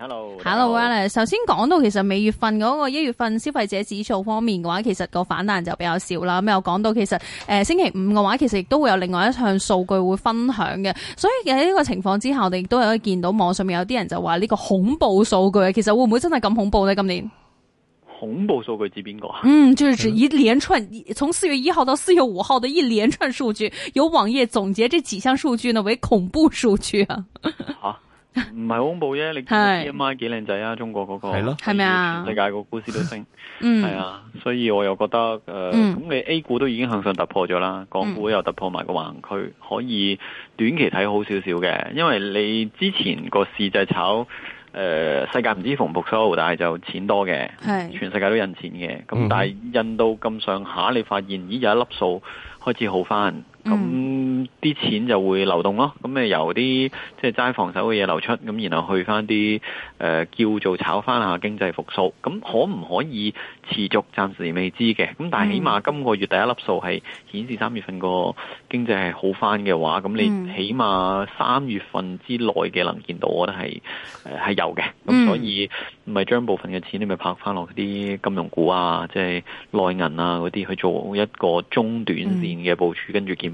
hello，hello，Valley。首先講到其實每月份嗰個一月份消費者指數方面嘅話，其實個反彈就比較少啦。咁又講到其實誒、呃、星期五嘅話，其實亦都會有另外一項數據會分享嘅。所以喺呢個情況之下，我哋亦都可以見到網上面有啲人就話呢個恐怖數據，其實會唔會真係咁恐怖呢？今年？恐怖數據指邊個啊？嗯，就是指一連串，從四、嗯、月一號到四月五號嘅一連串數據，有網頁總結這幾項數據呢為恐怖數據啊。好、啊。唔係 恐怖啫，你啲 M 媽幾靚仔啊？中國嗰、嗰個係咪啊？世界個股市都升，係啊、 嗯，所以我又覺得誒，咁、呃嗯、你 A 股都已經向上突破咗啦，港股又突破埋個橫區，嗯、可以短期睇好少少嘅。因為你之前個市就係炒誒、呃、世界唔知逢復蘇但係就錢多嘅，是全世界都印錢嘅。咁、嗯、但係印到咁上下，你發現咦有一粒數開始好翻。咁啲、嗯、錢就會流動咯，咁咪由啲即係齋防守嘅嘢流出，咁然後去翻啲誒、叫做炒翻下經濟復蘇，咁可唔可以持續？暫時未知嘅，咁但係起碼今個月第一粒數係顯示三月份個經濟係好翻嘅話，咁你起碼三月份之內嘅能見到，我覺得係係有嘅。咁所以咪將部分嘅錢你咪拍翻落啲金融股啊，即係內銀啊嗰啲去做一個中短線嘅部署、嗯、跟住見。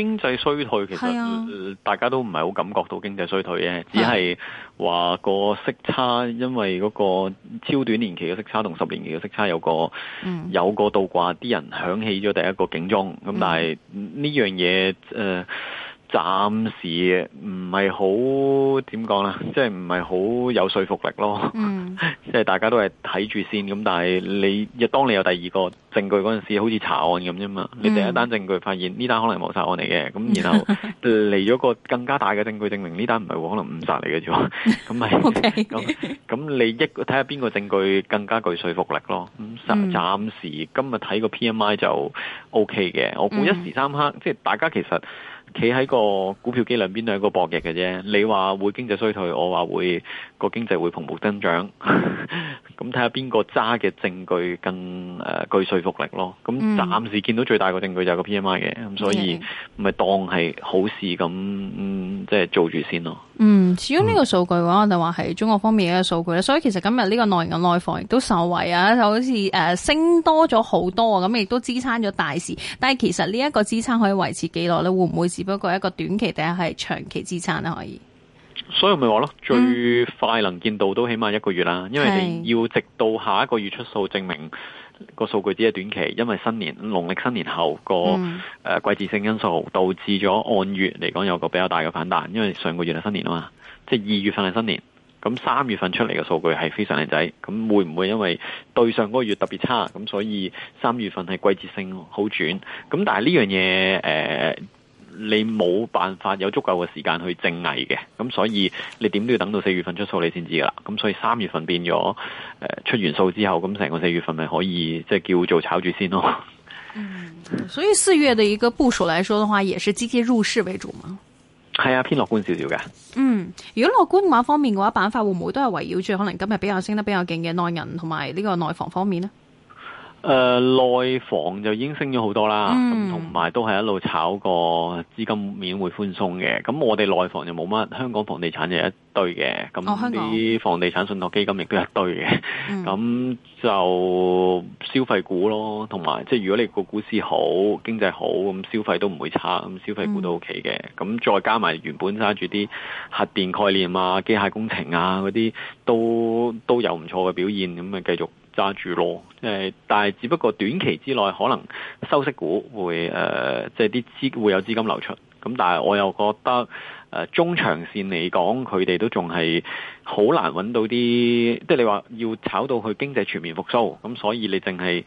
經濟衰退其實是、啊呃、大家都唔係好感覺到經濟衰退嘅，只係話個息差，因為嗰個超短年期嘅息差同十年期嘅息差有個、嗯、有個倒掛，啲人響起咗第一個警鐘。咁但係呢、嗯、樣嘢誒。呃暫時唔係好點講呢？即係唔係好有說服力咯。嗯、即係大家都係睇住先咁，但係你，當你有第二個證據嗰陣時，好似查案咁啫嘛。你第一單證據發現呢單、嗯、可能謀殺案嚟嘅，咁然後嚟咗個更加大嘅證據，證明呢單唔係可能誤殺嚟嘅啫。咁咪，咁咁你一睇下邊個證據更加具說服力咯。咁暫暫時、嗯、今日睇個 P M I 就 O K 嘅。我估一時三刻，嗯、即係大家其實。企喺個股票機兩邊兩個博弈嘅啫，你話會經濟衰退，我話會個經濟會蓬勃增長，咁睇下邊個揸嘅證據更誒具、呃、說服力囉。咁、嗯、暫時見到最大個證據就係個 P M I 嘅，咁所以咪當係好事咁，即係做住先囉。嗯，就是、嗯始終呢個數據嘅話，我就話係中國方面嘅數據，所以其實今日呢個內銀內房亦都受惠呀，就好似升多咗好多啊，咁亦都支撐咗大市。但係其實呢一個支撐可以維持幾耐咧，會唔會？只不過一個短期定係長期資產都可以，所以我咪話咯，最快能見到都起碼一個月啦，嗯、因為你要直到下一個月出數證明個數據只係短期，因為新年農曆新年後個誒、嗯呃、季節性因素導致咗按月嚟講有個比較大嘅反彈，因為上個月係新年啊嘛，即係二月份係新年，咁三月份出嚟嘅數據係非常靚仔，咁會唔會因為對上嗰個月特別差，咁所以三月份係季節性好轉？咁但係呢樣嘢誒？呃你冇辦法有足夠嘅時間去正義嘅，咁所以你點都要等到四月份出數你先知㗎喇。咁所以三月份變咗，誒、呃、出完數之後，咁成個四月份咪可以即係叫做炒住先咯。嗯、所以四月嘅一個部署嚟講嘅話，也是積極入市為主嘛。係啊，偏樂觀少少嘅。嗯，如果樂觀話方面嘅話，板塊會唔會都係圍繞住可能今日比較升得比較勁嘅內銀同埋呢個內房方面呢？誒、呃、內房就已經升咗好多啦，同埋、嗯、都係一路炒個資金面會寬鬆嘅。咁我哋內房就冇乜，香港房地產就一堆嘅，咁啲房地產信託基金亦都一堆嘅。咁、哦、就消費股咯，同埋即係如果你個股市好、經濟好，咁消費都唔會差，咁消費股都 OK 嘅。咁、嗯、再加埋原本揸住啲核電概念啊、機械工程啊嗰啲，都都有唔錯嘅表現，咁咪繼續，揸住咯，誒，但係只不過短期之內可能收息股會誒，即係啲資會有資金流出，咁但係我又覺得誒、呃、中長線嚟講，佢哋都仲係好難揾到啲，即係你話要炒到佢經濟全面復甦，咁所以你淨係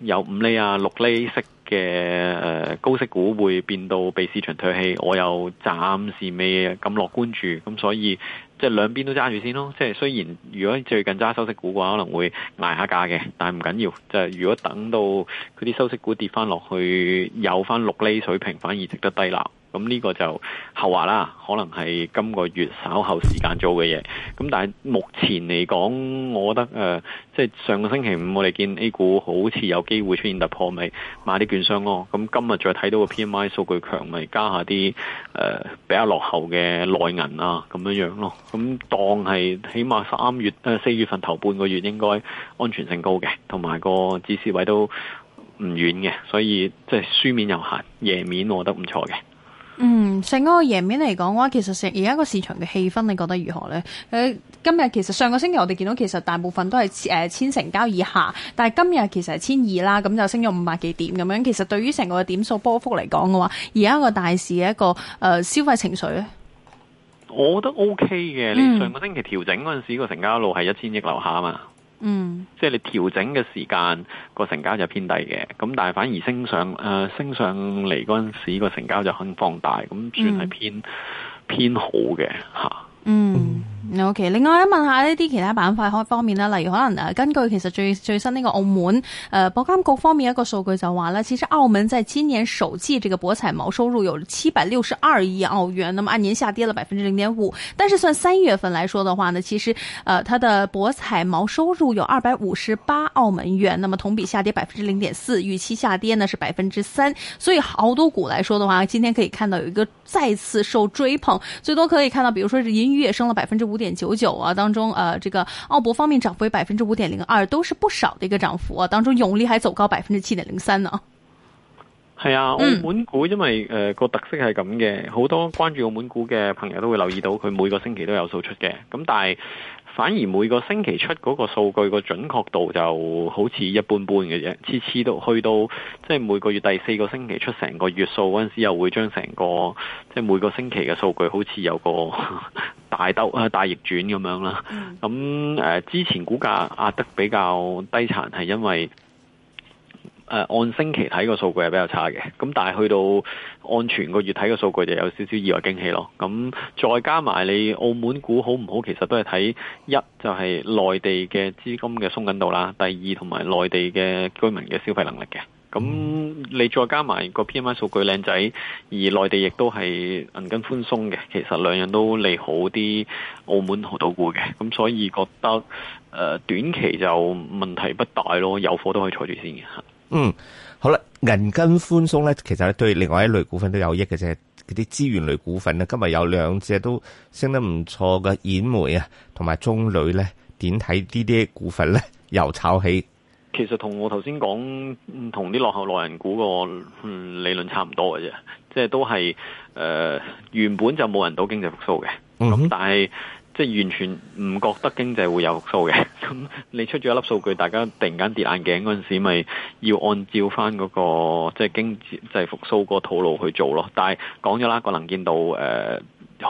有五厘啊六厘息嘅誒高息股會變到被市場唾棄，我又暫時未咁樂觀住，咁所以。即係兩邊都揸住先咯，即係雖然如果最近揸收息股嘅話，可能會挨下價嘅，但係唔緊要。就係、是、如果等到嗰啲收息股跌翻落去，有翻六厘水平，反而值得低啦。咁呢個就後話啦，可能係今個月稍後時間做嘅嘢。咁但係目前嚟講，我覺得即係、呃就是、上個星期五我哋見 A 股好似有機會出現突破，咪買啲券商咯。咁今日再睇到個 PMI 數據強，咪加下啲誒比較落後嘅內銀啊咁樣樣咯。咁當係起碼三月、呃、四月份頭半個月應該安全性高嘅，同埋個止蝕位都唔遠嘅，所以即係、就是、輸面有限，贏面我覺得唔錯嘅。嗯，成個贏面嚟講嘅話，其實成而家個市場嘅氣氛，你覺得如何呢？誒、呃，今日其實上個星期我哋見到，其實大部分都係誒千成交以下，但係今日其實係千二啦，咁就升咗五百幾點咁樣。其實對於成個點數波幅嚟講嘅話，而家個大市嘅一個誒、呃、消費情緒呢，我覺得 OK 嘅。你上個星期調整嗰陣時，個成交路係一千億樓下嘛？嗯，即係你調整嘅時間個成交就偏低嘅，咁但係反而升上誒、呃、升上嚟嗰陣時個成交就肯放大，咁算係偏、嗯、偏好嘅吓。嗯。OK，另外咧，問下呢啲其他板塊可方面咧，例如可能誒，根據其實最最新呢個澳門呃保監局方面一個數據就話咧，其實澳門在今年首季這個博彩毛收入有七百六十二億澳元，那麼按年下跌了百分之零點五，但是算三月份來說的話呢，其實呃它的博彩毛收入有二百五十八澳門元，那麼同比下跌百分之零點四，預期下跌呢是百分之三，所以濠賭股來說的話，今天可以看到有一個再次受追捧，最多可以看到，比如說是銀娛升了百分之五。五點九九啊，當中，呃，這個澳博方面漲幅為百分之五點零二，都是不少的一個漲幅啊。當中永利還走高百分之七點零三呢。係啊，澳門股因為誒個、呃、特色係咁嘅，好多關注澳門股嘅朋友都會留意到，佢每個星期都有數出嘅。咁但係反而每個星期出嗰個數據個準確度就好似一般般嘅啫，次次都去到即係每個月第四個星期出成個月數嗰陣時，又會將成個即係、就是、每個星期嘅數據好似有個大兜、啊大逆轉咁樣啦。咁、呃、之前股價壓得比較低殘係因為，誒，按星期睇個數據係比較差嘅，咁但係去到按全個月睇個數據就有少少意外驚喜咯。咁再加埋你澳門股好唔好，其實都係睇一就係、是、內地嘅資金嘅鬆緊度啦，第二同埋內地嘅居民嘅消費能力嘅。咁、嗯、你再加埋個 P M I 數據靚仔，而內地亦都係銀根寬鬆嘅，其實兩樣都利好啲澳門濠賭股嘅。咁所以覺得短期就問題不大咯，有貨都可以坐住先嘅嗯，好啦，銀根寬鬆咧，其實對另外一類股份都有益嘅啫。嗰啲資源類股份咧，今日有兩隻都升得唔錯嘅，染煤啊，同埋中鋁咧，點睇呢啲股份咧？又炒起？其實同我頭先講，同啲落後落人股個、嗯、理論差唔多嘅啫，即係都係誒、呃，原本就冇人到經濟復甦嘅，咁、嗯、哼但係即係完全唔覺得經濟會有復甦嘅。咁你出咗一粒數據，大家突然間跌眼鏡嗰陣時，咪要按照翻、那、嗰個即係、就是、經濟即係復甦個套路去做咯。但係講咗啦，個能見度誒、呃，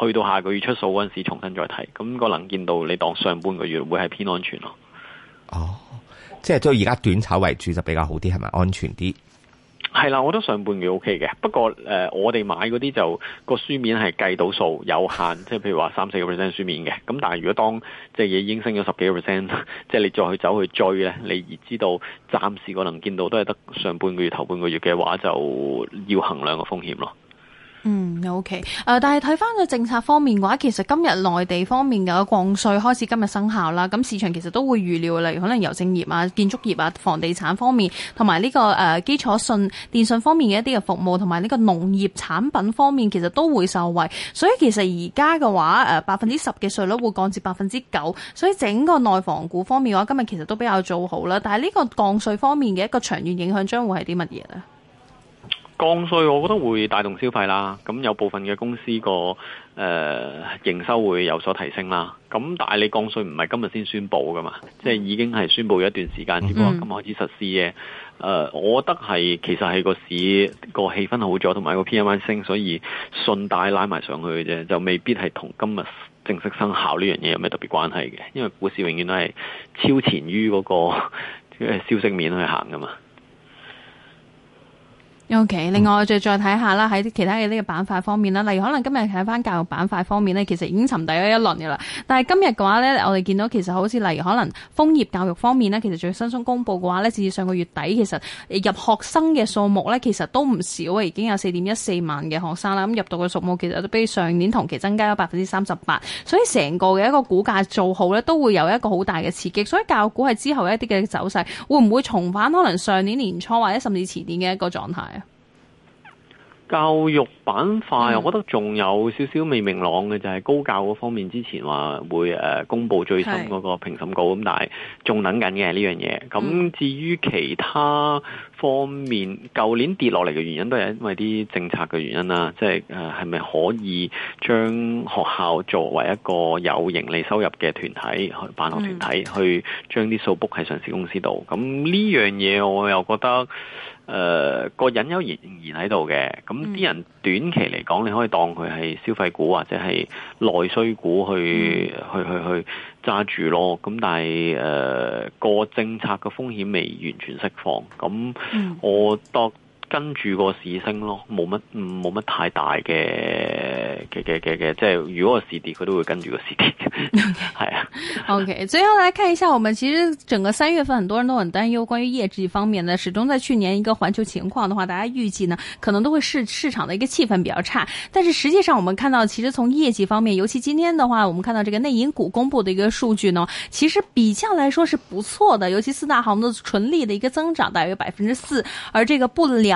去到下個月出數嗰陣時，重新再睇。咁個能見度，你當上半個月會係偏安全咯。哦，即係即係而家短炒為主就比較好啲，係咪安全啲？係啦，我覺得上半月 OK 嘅，不過誒、呃，我哋買嗰啲就個書面係計到數有限，即係譬如話三四個 percent 書面嘅，咁但係如果當即係嘢已經升咗十幾個 percent，即係你再去走去追咧，你而知道暫時可能見到都係得上半個月頭半個月嘅話，就要衡量個風險咯。嗯，OK，誒、呃，但係睇翻個政策方面嘅話，其實今日內地方面嘅降稅開始今日生效啦。咁市場其實都會預料，例如可能郵政業啊、建築業啊、房地產方面，同埋呢個誒、呃、基礎信電信方面嘅一啲嘅服務，同埋呢個農業產品方面，其實都會受惠。所以其實而家嘅話，誒百分之十嘅稅率會降至百分之九，所以整個內房股方面嘅話，今日其實都比較做好啦。但係呢個降稅方面嘅一個長遠影響，將會係啲乜嘢呢？降稅，我覺得會帶動消費啦。咁有部分嘅公司個誒、呃、營收會有所提升啦。咁但係你降稅唔係今日先宣布噶嘛？即係已經係宣布咗一段時間，嗯、只不過今日開始實施嘅。誒、呃，我覺得係其實係個市個氣氛好咗，同埋個 PMI 升，所以順帶拉埋上去嘅啫。就未必係同今日正式生效呢樣嘢有咩特別關係嘅？因為股市永遠都係超前於嗰個消息面去行噶嘛。OK，另外我再再睇下啦，喺其他嘅呢個板塊方面啦，例如可能今日睇翻教育板塊方面呢，其實已經沉底咗一輪噶啦。但係今日嘅話呢，我哋見到其實好似例如可能楓葉教育方面呢，其實最新通公布嘅話呢，至上個月底其實入學生嘅數目呢，其實都唔少啊，已經有四點一四萬嘅學生啦。咁入到嘅數目其實都比上年同期增加咗百分之三十八，所以成個嘅一個股價做好呢，都會有一個好大嘅刺激。所以教育股係之後一啲嘅走勢，會唔會重返可能上年年初或者甚至前年嘅一個狀態？教育板塊，我覺得仲有少少未明朗嘅、嗯、就係高教嗰方面，之前話會誒公布最新嗰個評審稿，咁是但係仲等緊嘅呢樣嘢。咁、這個、至於其他。方面，舊年跌落嚟嘅原因都係因為啲政策嘅原因啦，即係誒係咪可以將學校作為一個有盈利收入嘅團體辦學團體，嗯、去將啲數 book 喺上市公司度？咁呢樣嘢我又覺得誒、呃、個隱憂仍然喺度嘅。咁啲人短期嚟講，你可以當佢係消費股或者係內需股去去去、嗯、去。去去揸住咯，咁但係欸個政策嘅風險未完全釋放，咁我跟住個市升咯，冇乜冇乜太大嘅嘅嘅嘅，嘅，即係如果市個市跌佢都會跟住個市跌嘅，係 Okay. 啊。OK，最後來看一下，我們其實整個三月份很多人都很擔憂關於業績方面呢，始終在去年一個環球情況的話，大家預計呢可能都會市市場的一個氣氛比較差。但是實際上我們看到，其實從業績方面，尤其今天的話，我們看到這個內銀股公布的一個數據呢，其實比較來說是不錯的，尤其四大行的純利的一個增長大約百分之四，而這個不良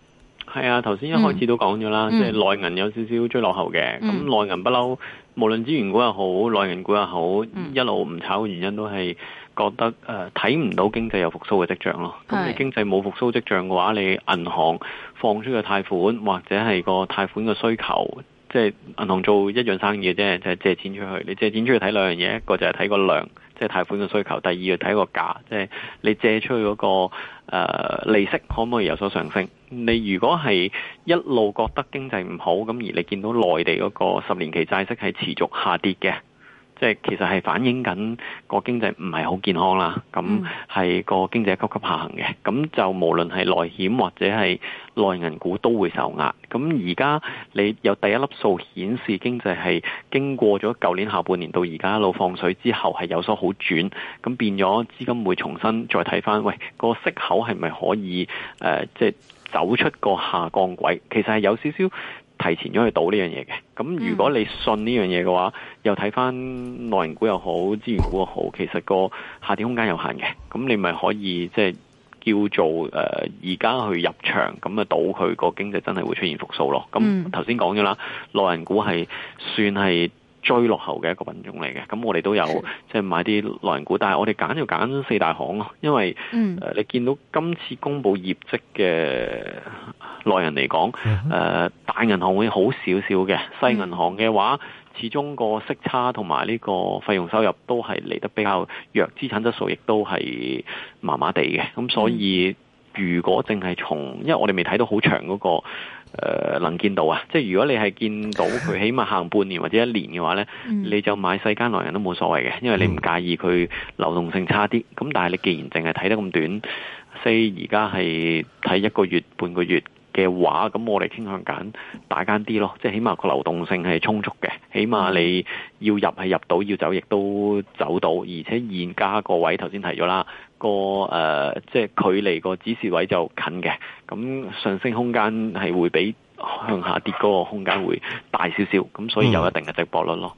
係啊，頭先一開始都講咗啦，即係內銀有少少追落後嘅，咁內銀不嬲，無論資源股又好，內銀股又好，一路唔炒嘅原因都係覺得誒睇唔到經濟有復蘇嘅跡象咯。咁是你經濟冇復蘇跡象嘅話，你銀行放出嘅貸款或者係個貸款嘅需求，即係銀行做一樣生意嘅啫，就係借錢出去。你借錢出去睇兩樣嘢，一個就係睇個量，即係貸款嘅需求；第二個睇個價，即係你借出去嗰個。Uh, 利息可唔可以有所上升？你如果係一路覺得經濟唔好，咁而你見到內地嗰個十年期債息係持續下跌嘅。即係其實係反映緊個經濟唔係好健康啦，咁係個經濟急急下行嘅，咁就無論係內險或者係內銀股都會受壓。咁而家你有第一粒數顯示經濟係經過咗舊年下半年到而家一路放水之後係有所好轉，咁變咗資金會重新再睇返，喂、個息口係咪可以誒、呃，即係走出個下降軌？其實係有少少。提前咗去賭呢樣嘢嘅，咁如果你信呢樣嘢嘅話，又睇翻內銀股又好，資源股又好，其實個下跌空間有限嘅，咁你咪可以即係叫做誒而家去入場，咁啊賭佢個經濟真係會出現復甦咯。咁頭先講咗啦，內銀股係算係，最落後嘅一個品種嚟嘅，咁我哋都有即係、就是、買啲內銀股，但係我哋揀就揀四大行咯，因為誒、嗯呃、你見到今次公佈業績嘅內銀嚟講，誒、嗯哼呃、大銀行會好少少嘅，細銀行嘅話，嗯、始終個息差同埋呢個費用收入都係嚟得比較弱，資產質素亦都係麻麻地嘅，咁所以，嗯如果淨係從，因為我哋未睇到好長嗰、那個、呃，能見度啊，即係如果你係見到佢，起碼行半年或者一年嘅話呢， 你就買世間來人都冇所謂嘅，因為你唔介意佢流動性差啲。咁但係你既然淨係睇得咁短，所以而家係睇一個月、半個月嘅話，咁我哋傾向揀大間啲咯，即係起碼個流動性係充足嘅，起碼你要入係入到，要走亦都走到，而且現家個位頭先提咗啦。個誒，即係距離個支持位就近嘅，咁上升空間係會比向下跌嗰個空間會大少少，咁所以有一定嘅值博率咯。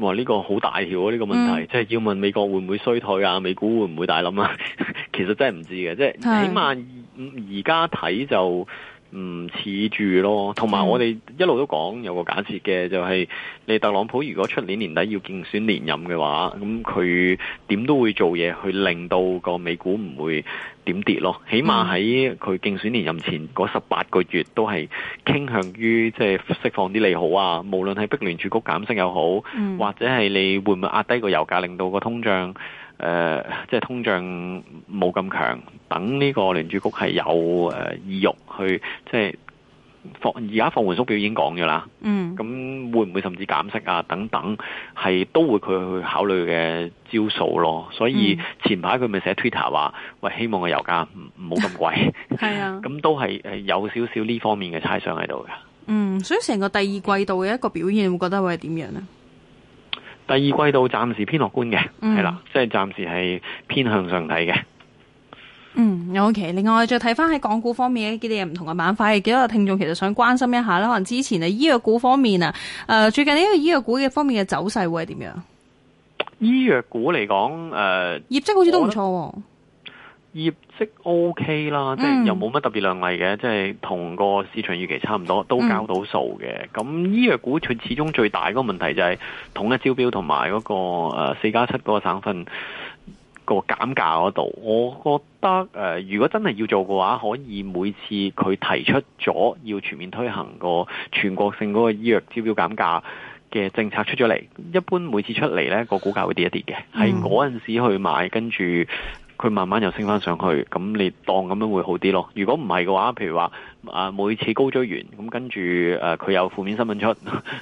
哇！呢、這個好大條啊，呢、這個問題即係、嗯、要問美國會唔會衰退啊？美股會唔會大冧啊？其實真係唔知嘅，即、就、係、是、起碼而家睇就唔似住咯。同埋我哋一路都講有個假設嘅、就是，就係你特朗普如果出年年底要競選連任嘅話，咁佢點都會做嘢去令到個美股唔會點跌咯。起碼喺佢競選連任前嗰十八個月，都係傾向於即係釋放啲利好啊！無論係逼聯儲局減息又好，嗯、或者係你會唔會壓低個油價，令到個通脹誒即係通脹冇咁強？等呢個聯儲局係有誒意欲去即係。即係而家放緩縮表已經講咗啦，咁、嗯、會唔會甚至減息啊？等等係都會佢去考慮嘅招數咯。所以前排佢咪寫 Twitter 話：喂，希望個油價唔好咁貴。係 啊，咁 都係有少少呢方面嘅猜想喺度嘅。嗯，所以成個第二季度嘅一個表現，你會覺得會係點樣呢？第二季度暫時偏樂觀嘅，係、嗯、啦，即係暫時係偏向上睇嘅。嗯，OK。另外，再睇翻喺港股方面嘅呢啲唔同嘅板塊，有幾多個聽眾其實想關心一下啦。可能之前啊，醫藥股方面啊，誒、呃，最近呢個醫藥股嘅方面嘅走勢會係點樣？醫藥股嚟講，誒、呃，業績好似都唔錯。業績 OK 啦，嗯、即係又冇乜特別亮麗嘅，即係同個市場預期差唔多，都交到數嘅。咁、嗯、醫藥股佢始終最大嗰個問題就係統一招標同埋嗰個誒四加七嗰個省份。個減價嗰度，我覺得誒、呃，如果真係要做嘅話，可以每次佢提出咗要全面推行個全國性嗰個醫藥招標減價嘅政策出咗嚟，一般每次出嚟呢、那個股價會跌一跌嘅，係嗰陣時去買，跟住。佢慢慢又升翻上去，咁你當咁樣會好啲咯。如果唔係嘅話，譬如話啊，每次高追完，咁跟住佢有負面新聞出，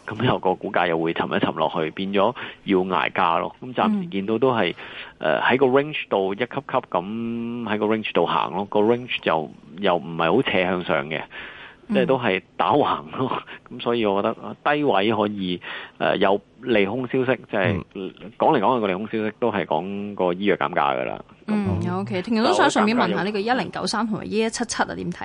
咁 又個股價又會沉一沉落去，變咗要捱價咯。咁暫時見到都係喺、啊、個 range 度一級級咁喺個 range 度行咯，個 range 就又唔係好斜向上嘅。即係、嗯、都係打橫咯，咁所以我覺得低位可以，誒、呃、有利空消息，即、就、係、是嗯、講嚟講去個利空消息都係講個醫藥減價㗎啦。嗯，OK，聽日都想順便問下呢個一零九三同埋一一七七啊，點睇、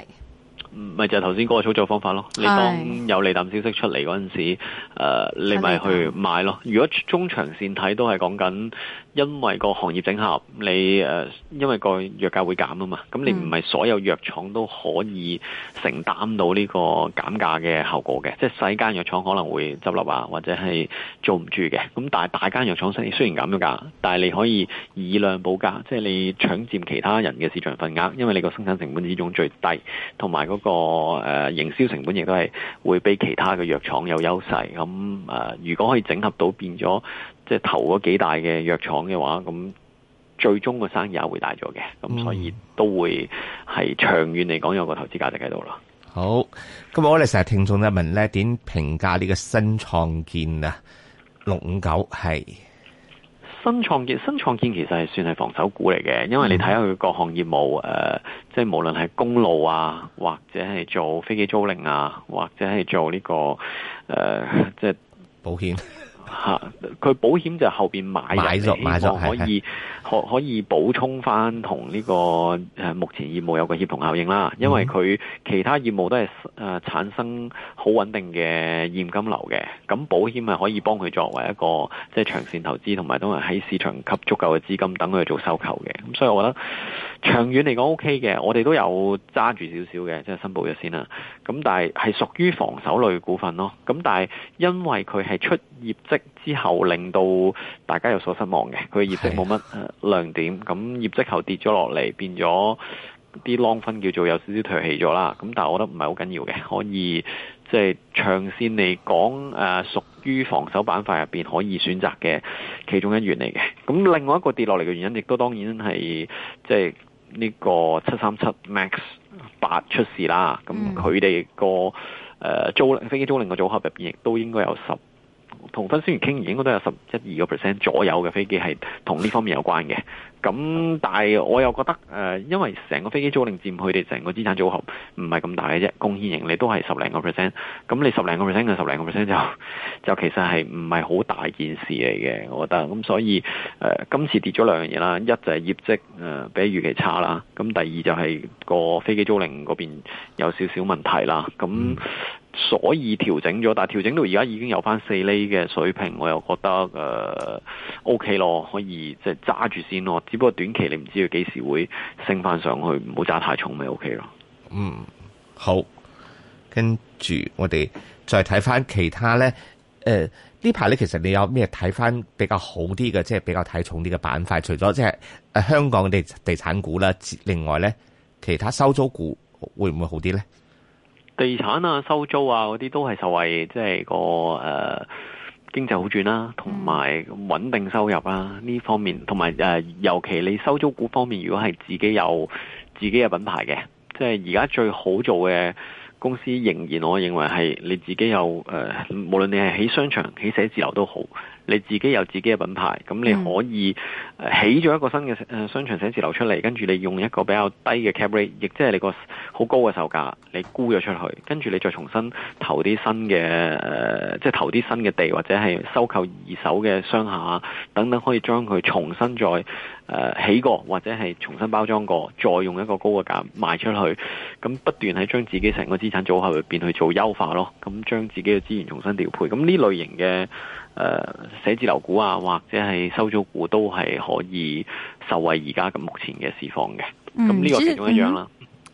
嗯？咪就係頭先嗰個操作方法咯。你當有利淡消息出嚟嗰陣時唉、呃，你咪去買咯。如果中長線睇都係講緊。因為個行業整合，你誒、呃，因為個藥價會減啊嘛，咁你唔係所有藥廠都可以承擔到呢個減價嘅效果嘅，即係細間藥廠可能會執笠啊，或者係做唔住嘅。咁但係大間藥廠雖然減咗價，但係你可以以量補價，即係你搶佔其他人嘅市場份額，因為你個生產成本始終最低，同埋嗰個誒、呃、營銷成本亦都係會比其他嘅藥廠有優勢。咁誒、呃，如果可以整合到變咗。即係投幾大嘅藥廠嘅話，咁最終個生意也會大咗嘅，咁所以都會係長遠嚟講有個投資價值喺度啦。好，今日我哋成日聽眾一問呢，咧，點評價呢個新創建啊？六五九係新創建，新創建其實係算係防守股嚟嘅，因為你睇下佢各項業務，誒、嗯呃，即係無論係公路啊，或者係做飛機租賃啊，或者係做呢、這個誒、呃，即係保險。吓，佢保險就後邊買嘢，買買希望可以可,可以補充翻同呢個誒目前業務有個協同效應啦。因為佢其他業務都係誒、呃、產生好穩定嘅現金流嘅，咁保險係可以幫佢作為一個即係、就是、長線投資，同埋都係喺市場吸足夠嘅資金，等佢做收購嘅。咁所以我覺得長遠嚟講 O K 嘅，我哋都有揸住少少嘅，即、就、係、是、申報咗先啦。咁但係係屬於防守類嘅股份咯。咁但係因為佢係出業之後令到大家有所失望嘅，佢業績冇乜亮點，咁的業績後跌咗落嚟，變咗啲浪分叫做有少少退氣咗啦。咁但係我覺得唔係好緊要嘅，可以即係、就是、長線嚟講，誒屬於防守板塊入邊可以選擇嘅其中一員嚟嘅。咁另外一個跌落嚟嘅原因，亦都當然係即係呢個七三七 MAX 八出事啦。咁佢哋個誒租飛機租賃嘅組合入邊，亦都應該有十。同分析員傾完，應該都有十一二個 percent 左右嘅飛機係同呢方面有關嘅。咁但係我又覺得，誒、呃，因為成個飛機租賃佔佢哋成個資產組合唔係咁大嘅啫，貢獻盈利都係十零個 percent。咁你十零個 percent 嘅十零個 percent 就就其實係唔係好大件事嚟嘅，我覺得。咁所以誒、呃，今次跌咗兩樣嘢啦，一就係業績誒、呃、比預期差啦，咁第二就係個飛機租賃嗰邊有少少問題啦。咁。嗯所以調整咗，但係調整到而家已經有翻四厘嘅水平，我又覺得誒 O K 咯，可以即係揸住先咯。只不過短期你唔知佢幾時會升翻上去，唔好揸太重咪 O K 咯。嗯，好。跟住我哋再睇翻其他咧，誒呢排咧其實你有咩睇翻比較好啲嘅，即係比較睇重啲嘅板塊？除咗即係誒香港嘅地產股啦，另外咧其他收租股會唔會好啲咧？地產啊、收租啊嗰啲都係受惠即係個誒經濟好轉啦，同埋穩定收入啊。呢方面，同埋誒尤其你收租股方面，如果係自己有自己嘅品牌嘅，即係而家最好做嘅公司，仍然我認為係你自己有誒，無論你係起商場、起寫字樓都好，你自己有自己嘅品牌，咁你可以起咗一個新嘅商場寫字樓出嚟，跟住你用一個比較低嘅 cap rate，亦即係你個。好高嘅售價，你沽咗出去，跟住你再重新投啲新嘅，誒、呃，即係投啲新嘅地或者係收購二手嘅商廈等等，可以將佢重新再、呃、起過，或者係重新包裝過，再用一個高嘅價賣出去，咁不斷係將自己成個資產組合入邊去做優化咯，咁將自己嘅資源重新調配，咁呢類型嘅誒、呃、寫字樓股啊，或者係收租股都係可以受惠而家咁目前嘅市況嘅，咁呢個其中一樣啦。嗯嗯。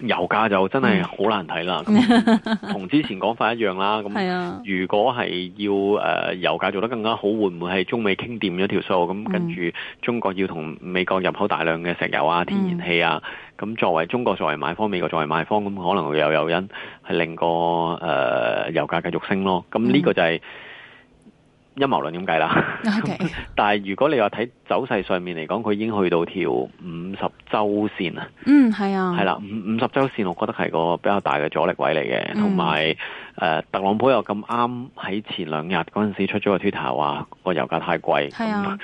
油價就真係好難睇啦，同、嗯、之前講法一樣啦。咁 如果係要誒油價做得更加好，會唔會係中美傾掂咗條數？咁跟住中國要同美國入口大量嘅石油啊、天然氣啊，咁、嗯、作為中國作為買方，美國作為賣方，咁可能會有誘因係令個誒油價繼續升咯。咁呢個就係、是。陰謀論點計啦？Okay. 但係如果你話睇走勢上面嚟講，佢已經去到條五十周線啦。嗯，係啊。係啦，五五十周線，我覺得係個比較大嘅阻力位嚟嘅。同埋、嗯，誒、呃，特朗普又咁啱喺前兩日嗰陣時出咗個 Twitter 話個油價太貴。係啊。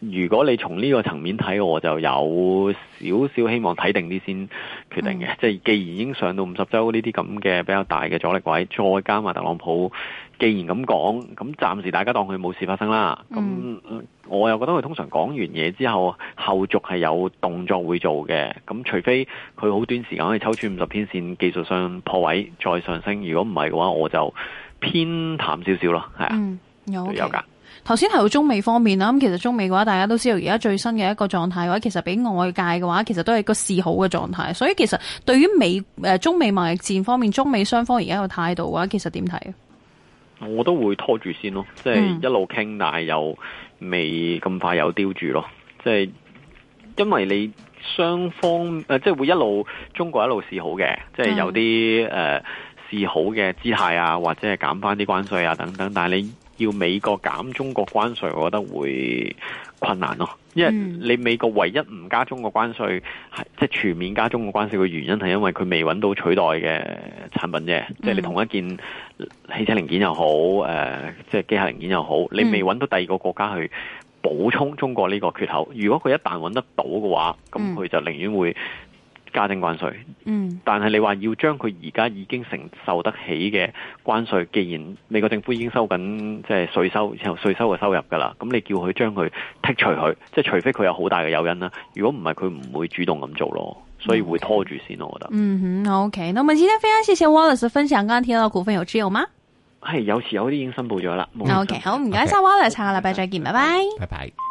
如果你從呢個層面睇，我就有少少希望睇定啲先決定嘅。嗯、即係既然已經上到五十周呢啲咁嘅比較大嘅阻力位，再加埋特朗普。既然咁講，咁暫時大家當佢冇事發生啦。咁、嗯、我又覺得佢通常講完嘢之後，後續係有動作會做嘅。咁除非佢好短時間可以抽出五十天線，技術上破位再上升。如果唔係嘅話，我就偏淡少少咯。係啊，有有噶。okay、頭先提到中美方面啦，咁其實中美嘅話，大家都知道而家最新嘅一個狀態嘅話，其實畀外界嘅話，其實都係一個示好嘅狀態。所以其實對於美誒、呃、中美貿易戰方面，中美雙方而家個態度嘅話，其實點睇？我都會拖住先咯，即係一路傾，但係又未咁快有丟住咯。即係因為你雙方、呃、即係會一路中國一路示好嘅，即係有啲誒、呃、示好嘅姿態啊，或者係減返啲關稅啊等等。但係你要美國減中國關稅，我覺得會。困難咯，因為你美國唯一唔加中國關稅，係即係全面加中國關稅嘅原因，係因為佢未揾到取代嘅產品啫。即係、嗯、你同一件汽車零件又好，誒、呃，即係機械零件又好，你未揾到第二個國家去補充中國呢個缺口。如果佢一旦揾得到嘅話，咁佢就寧願會。加徵關稅，嗯，但係你話要將佢而家已經承受得起嘅關稅，既然美國政府已經收緊即係稅收，後稅收嘅收入噶啦，咁你叫佢將佢剔除佢，即係除非佢有好大嘅誘因啦，如果唔係佢唔會主動咁做咯，所以會拖住先咯，我覺得。嗯哼，OK，咁咪先得非常謝謝 Wallace 分享。剛剛提到股份有知有嗎？係有，持有啲已經申報咗啦。OK，好，唔該晒 Wallace，下個禮拜，再見，拜拜，拜拜。拜拜拜拜。